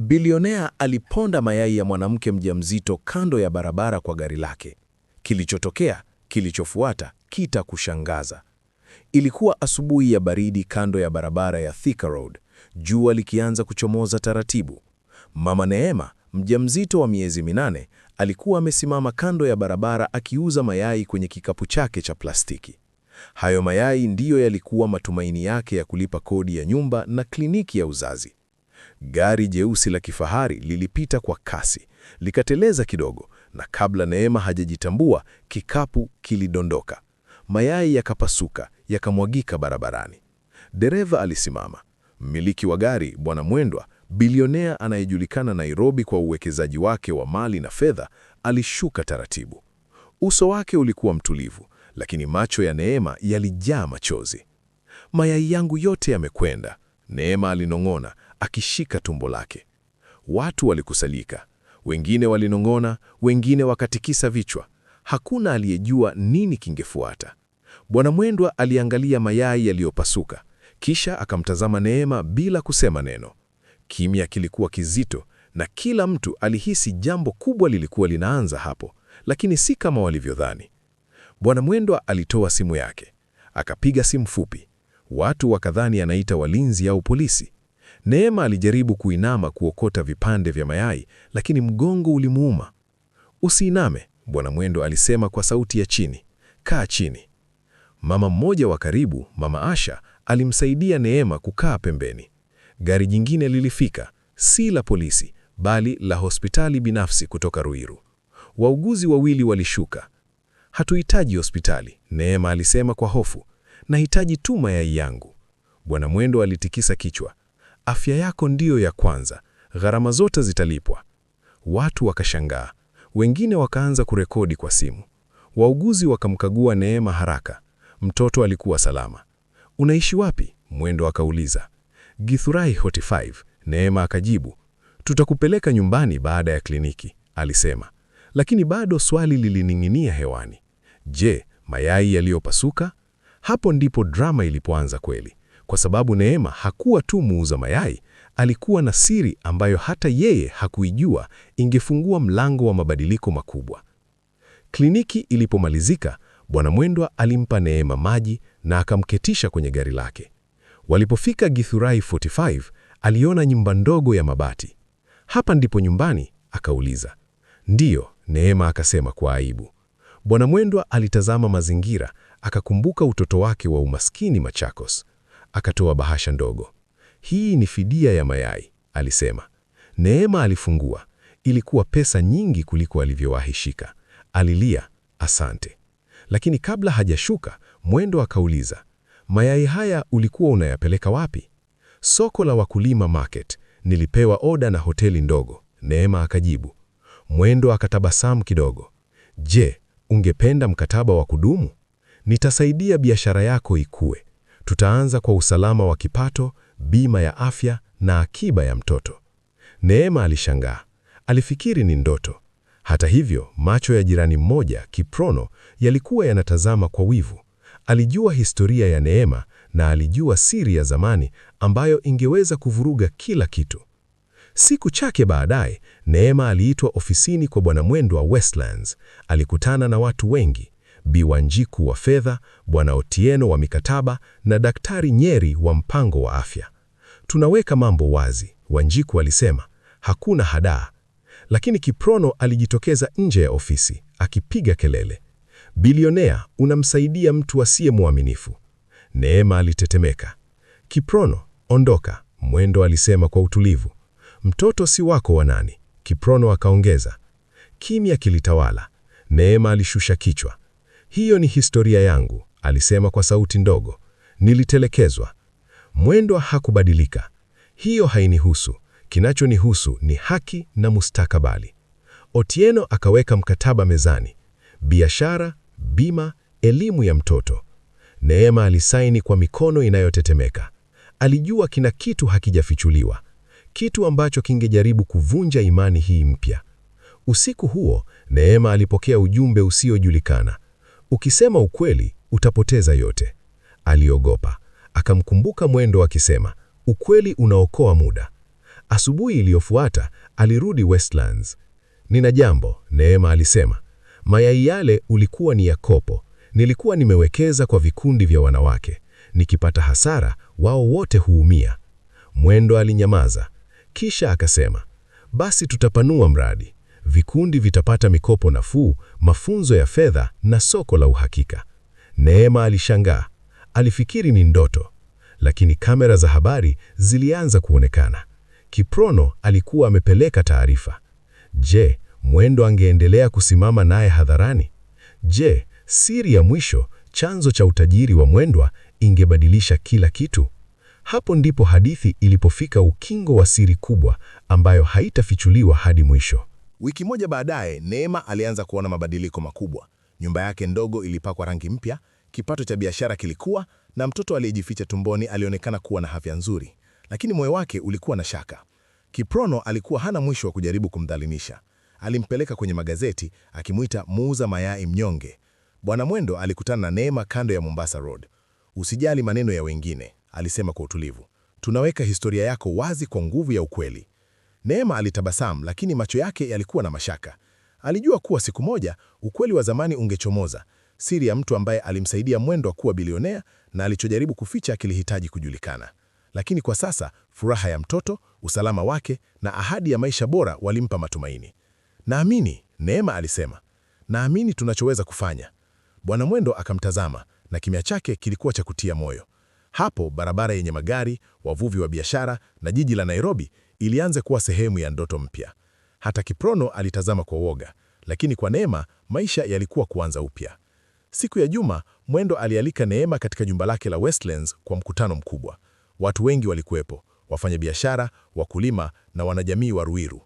Bilionea aliponda mayai ya mwanamke mjamzito kando ya barabara kwa gari lake. Kilichotokea, kilichofuata kitakushangaza. Ilikuwa asubuhi ya baridi kando ya barabara ya Thika Road, jua likianza kuchomoza taratibu. Mama Neema, mjamzito wa miezi minane, alikuwa amesimama kando ya barabara akiuza mayai kwenye kikapu chake cha plastiki. Hayo mayai ndiyo yalikuwa matumaini yake ya kulipa kodi ya nyumba na kliniki ya uzazi. Gari jeusi la kifahari lilipita kwa kasi, likateleza kidogo, na kabla Neema hajajitambua, kikapu kilidondoka. Mayai yakapasuka, yakamwagika barabarani. Dereva alisimama. Mmiliki wa gari, Bwana Mwendwa, bilionea anayejulikana Nairobi kwa uwekezaji wake wa mali na fedha, alishuka taratibu. Uso wake ulikuwa mtulivu, lakini macho ya Neema yalijaa machozi. Mayai yangu yote yamekwenda, Neema alinong'ona akishika tumbo lake. Watu walikusalika, wengine walinong'ona, wengine wakatikisa vichwa. Hakuna aliyejua nini kingefuata. Bwana Mwendwa aliangalia mayai yaliyopasuka, kisha akamtazama Neema bila kusema neno. Kimya kilikuwa kizito na kila mtu alihisi jambo kubwa lilikuwa linaanza hapo, lakini si kama walivyodhani. Bwana Mwendwa alitoa simu yake, akapiga simu fupi. Watu wakadhani anaita walinzi au polisi. Neema alijaribu kuinama kuokota vipande vya mayai, lakini mgongo ulimuuma. Usiiname, Bwana Mwendo alisema kwa sauti ya chini, kaa chini. Mama mmoja wa karibu, Mama Asha, alimsaidia Neema kukaa pembeni. Gari jingine lilifika, si la polisi, bali la hospitali binafsi kutoka Ruiru. Wauguzi wawili walishuka. Hatuhitaji hospitali, Neema alisema kwa hofu nahitaji tu mayai yangu. Bwana Mwendo alitikisa kichwa. Afya yako ndiyo ya kwanza, gharama zote zitalipwa. Watu wakashangaa, wengine wakaanza kurekodi kwa simu. Wauguzi wakamkagua Neema haraka. Mtoto alikuwa salama. Unaishi wapi? Mwendo akauliza. Githurai 45, Neema akajibu. Tutakupeleka nyumbani baada ya kliniki, alisema. Lakini bado swali lilining'inia hewani. Je, mayai yaliyopasuka hapo ndipo drama ilipoanza kweli, kwa sababu Neema hakuwa tu muuza mayai, alikuwa na siri ambayo hata yeye hakuijua ingefungua mlango wa mabadiliko makubwa. Kliniki ilipomalizika, Bwana Mwendwa alimpa Neema maji na akamketisha kwenye gari lake. Walipofika Githurai 45, aliona nyumba ndogo ya mabati. Hapa ndipo nyumbani? akauliza. Ndiyo, Neema akasema kwa aibu. Bwana Mwendwa alitazama mazingira Akakumbuka utoto wake wa umaskini Machakos. Akatoa bahasha ndogo. Hii ni fidia ya mayai, alisema. Neema alifungua. Ilikuwa pesa nyingi kuliko alivyowahi shika. Alilia, asante. Lakini kabla hajashuka, Mwendo akauliza, mayai haya ulikuwa unayapeleka wapi? Soko la wakulima market. Nilipewa oda na hoteli ndogo, Neema akajibu. Mwendo akatabasamu kidogo. Je, ungependa mkataba wa kudumu? Nitasaidia biashara yako ikue. Tutaanza kwa usalama wa kipato, bima ya afya na akiba ya mtoto. Neema alishangaa. Alifikiri ni ndoto. Hata hivyo, macho ya jirani mmoja, Kiprono, yalikuwa yanatazama kwa wivu. Alijua historia ya Neema na alijua siri ya zamani ambayo ingeweza kuvuruga kila kitu. Siku chache baadaye, Neema aliitwa ofisini kwa bwana Mwendo wa Westlands. Alikutana na watu wengi. Bi Wanjiku wa fedha, Bwana Otieno wa mikataba na Daktari Nyeri wa mpango wa afya. Tunaweka mambo wazi, Wanjiku alisema, hakuna hadaa. Lakini Kiprono alijitokeza nje ya ofisi akipiga kelele, bilionea unamsaidia mtu asiye mwaminifu. Neema alitetemeka. Kiprono, ondoka, Mwendo alisema kwa utulivu. Mtoto si wako wa nani? Kiprono akaongeza. Kimya kilitawala. Neema alishusha kichwa. Hiyo ni historia yangu, alisema kwa sauti ndogo. Nilitelekezwa. Mwendwa hakubadilika. Hiyo hainihusu. Kinachonihusu ni haki na mustakabali. Otieno akaweka mkataba mezani: biashara, bima, elimu ya mtoto. Neema alisaini kwa mikono inayotetemeka. Alijua kina kitu hakijafichuliwa, kitu ambacho kingejaribu kuvunja imani hii mpya. Usiku huo Neema alipokea ujumbe usiojulikana. Ukisema ukweli utapoteza yote. Aliogopa, akamkumbuka Mwendo akisema ukweli unaokoa muda. Asubuhi iliyofuata alirudi Westlands. Nina jambo, Neema alisema. Mayai yale ulikuwa ni ya kopo, nilikuwa nimewekeza kwa vikundi vya wanawake. Nikipata hasara, wao wote huumia. Mwendo alinyamaza, kisha akasema, basi tutapanua mradi, vikundi vitapata mikopo nafuu mafunzo ya fedha na soko la uhakika. Neema alishangaa, alifikiri ni ndoto, lakini kamera za habari zilianza kuonekana. Kiprono alikuwa amepeleka taarifa. Je, Mwendo angeendelea kusimama naye hadharani? Je, siri ya mwisho, chanzo cha utajiri wa Mwendwa, ingebadilisha kila kitu? Hapo ndipo hadithi ilipofika ukingo wa siri kubwa ambayo haitafichuliwa hadi mwisho. Wiki moja baadaye, Neema alianza kuona mabadiliko makubwa. Nyumba yake ndogo ilipakwa rangi mpya, kipato cha biashara kilikuwa, na mtoto aliyejificha tumboni alionekana kuwa na afya nzuri, lakini moyo wake ulikuwa na shaka. Kiprono alikuwa hana mwisho wa kujaribu kumdhalinisha Alimpeleka kwenye magazeti akimuita muuza mayai mnyonge. Bwana Mwendo alikutana na Neema kando ya Mombasa Road. Usijali maneno ya wengine, alisema kwa utulivu, tunaweka historia yako wazi kwa nguvu ya ukweli. Neema alitabasamu, lakini macho yake yalikuwa na mashaka. Alijua kuwa siku moja ukweli wa zamani ungechomoza, siri ya mtu ambaye alimsaidia Mwendwa kuwa bilionea na alichojaribu kuficha kilihitaji kujulikana. Lakini kwa sasa furaha ya mtoto, usalama wake na ahadi ya maisha bora walimpa matumaini. Naamini, Neema alisema, naamini tunachoweza kufanya. Bwana Mwendo akamtazama na kimya chake kilikuwa cha kutia moyo. Hapo barabara yenye magari, wavuvi wa biashara na jiji la Nairobi ilianze kuwa sehemu ya ndoto mpya. Hata Kiprono alitazama kwa woga, lakini kwa Neema maisha yalikuwa kuanza upya. Siku ya Juma, Mwendo alialika Neema katika jumba lake la Westlands kwa mkutano mkubwa. Watu wengi walikuwepo, wafanyabiashara, wakulima na wanajamii wa Ruiru.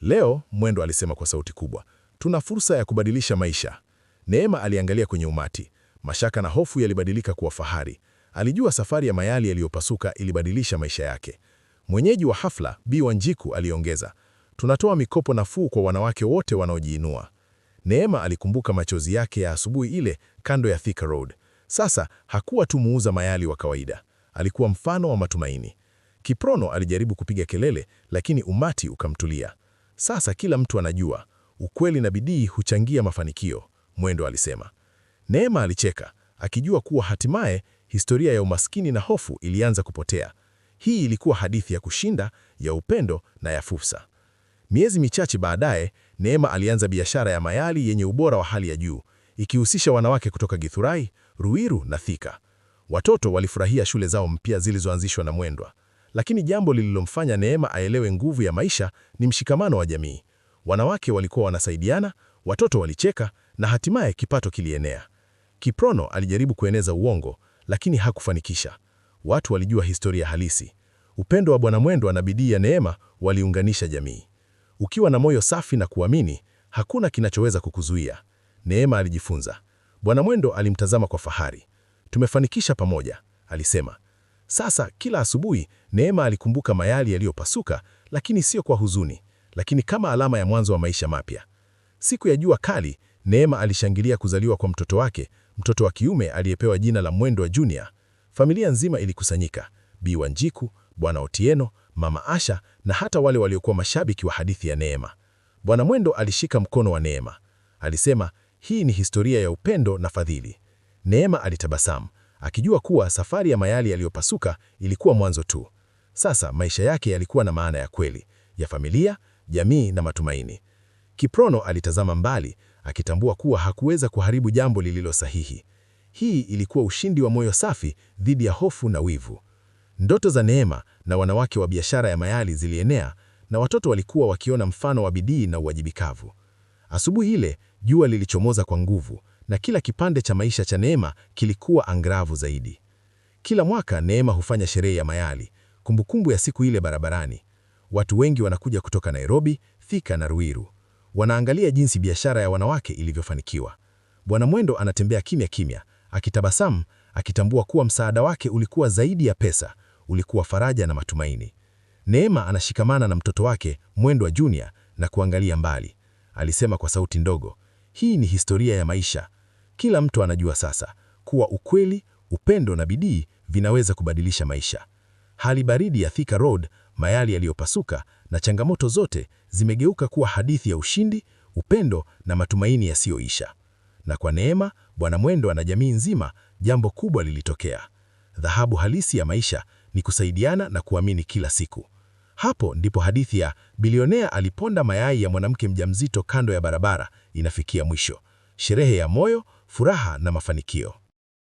Leo, Mwendo alisema kwa sauti kubwa, tuna fursa ya kubadilisha maisha. Neema aliangalia kwenye umati. Mashaka na hofu yalibadilika kuwa fahari. Alijua safari ya Mayali yaliyopasuka ilibadilisha maisha yake. Mwenyeji wa hafla Bi Wanjiku aliongeza, tunatoa mikopo nafuu kwa wanawake wote wanaojiinua. Neema alikumbuka machozi yake ya asubuhi ile kando ya Thika Road. Sasa hakuwa tu muuza mayali wa kawaida, alikuwa mfano wa matumaini. Kiprono alijaribu kupiga kelele, lakini umati ukamtulia. Sasa kila mtu anajua ukweli na bidii huchangia mafanikio, Mwendo alisema. Neema alicheka akijua kuwa hatimaye historia ya umaskini na hofu ilianza kupotea. Hii ilikuwa hadithi ya kushinda, ya upendo na ya fursa. Miezi michache baadaye, Neema alianza biashara ya mayali yenye ubora wa hali ya juu, ikihusisha wanawake kutoka Githurai, Ruiru na Thika. Watoto walifurahia shule zao mpya zilizoanzishwa na Mwendwa, lakini jambo lililomfanya Neema aelewe nguvu ya maisha ni mshikamano wa jamii. Wanawake walikuwa wanasaidiana, watoto walicheka, na hatimaye kipato kilienea. Kiprono alijaribu kueneza uongo, lakini hakufanikisha watu walijua historia halisi. Upendo wa Bwana Mwendwa na bidii ya Neema waliunganisha jamii. Ukiwa na moyo safi na kuamini, hakuna kinachoweza kukuzuia. Neema alijifunza. Bwana Mwendo alimtazama kwa fahari. Tumefanikisha pamoja, alisema. Sasa kila asubuhi Neema alikumbuka mayali yaliyopasuka, lakini sio kwa huzuni, lakini kama alama ya mwanzo wa maisha mapya. Siku ya jua kali, Neema alishangilia kuzaliwa kwa mtoto wake, mtoto wa kiume aliyepewa jina la Mwendwa Junior. Familia nzima ilikusanyika: Bi Wanjiku, Bwana Otieno, Mama Asha na hata wale waliokuwa mashabiki wa hadithi ya Neema. Bwana Mwendo alishika mkono wa Neema, alisema, hii ni historia ya upendo na fadhili. Neema alitabasamu akijua kuwa safari ya mayali yaliyopasuka ilikuwa mwanzo tu. Sasa maisha yake yalikuwa na maana ya kweli ya familia, jamii na matumaini. Kiprono alitazama mbali akitambua kuwa hakuweza kuharibu jambo lililo sahihi. Hii ilikuwa ushindi wa moyo safi dhidi ya hofu na wivu. Ndoto za Neema na wanawake wa biashara ya mayali zilienea na watoto walikuwa wakiona mfano wa bidii na uwajibikavu. Asubuhi ile jua lilichomoza kwa nguvu na kila kipande cha maisha cha Neema kilikuwa angravu zaidi. Kila mwaka Neema hufanya sherehe ya mayali kumbukumbu ya siku ile barabarani. Watu wengi wanakuja kutoka Nairobi, Thika na Ruiru. Wanaangalia jinsi biashara ya wanawake ilivyofanikiwa. Bwana Mwendo anatembea kimya kimya, akitabasamu, akitambua kuwa msaada wake ulikuwa zaidi ya pesa, ulikuwa faraja na matumaini. Neema anashikamana na mtoto wake Mwendwa Junior na kuangalia mbali. Alisema kwa sauti ndogo, hii ni historia ya maisha. Kila mtu anajua sasa kuwa ukweli, upendo na bidii vinaweza kubadilisha maisha. Hali baridi ya Thika Road, mayali yaliyopasuka na changamoto zote zimegeuka kuwa hadithi ya ushindi, upendo na matumaini yasiyoisha na kwa neema Bwana Mwendwa na jamii nzima, jambo kubwa lilitokea. Dhahabu halisi ya maisha ni kusaidiana na kuamini kila siku. Hapo ndipo hadithi ya bilionea aliponda mayai ya mwanamke mjamzito kando ya barabara inafikia mwisho. Sherehe ya moyo, furaha na mafanikio.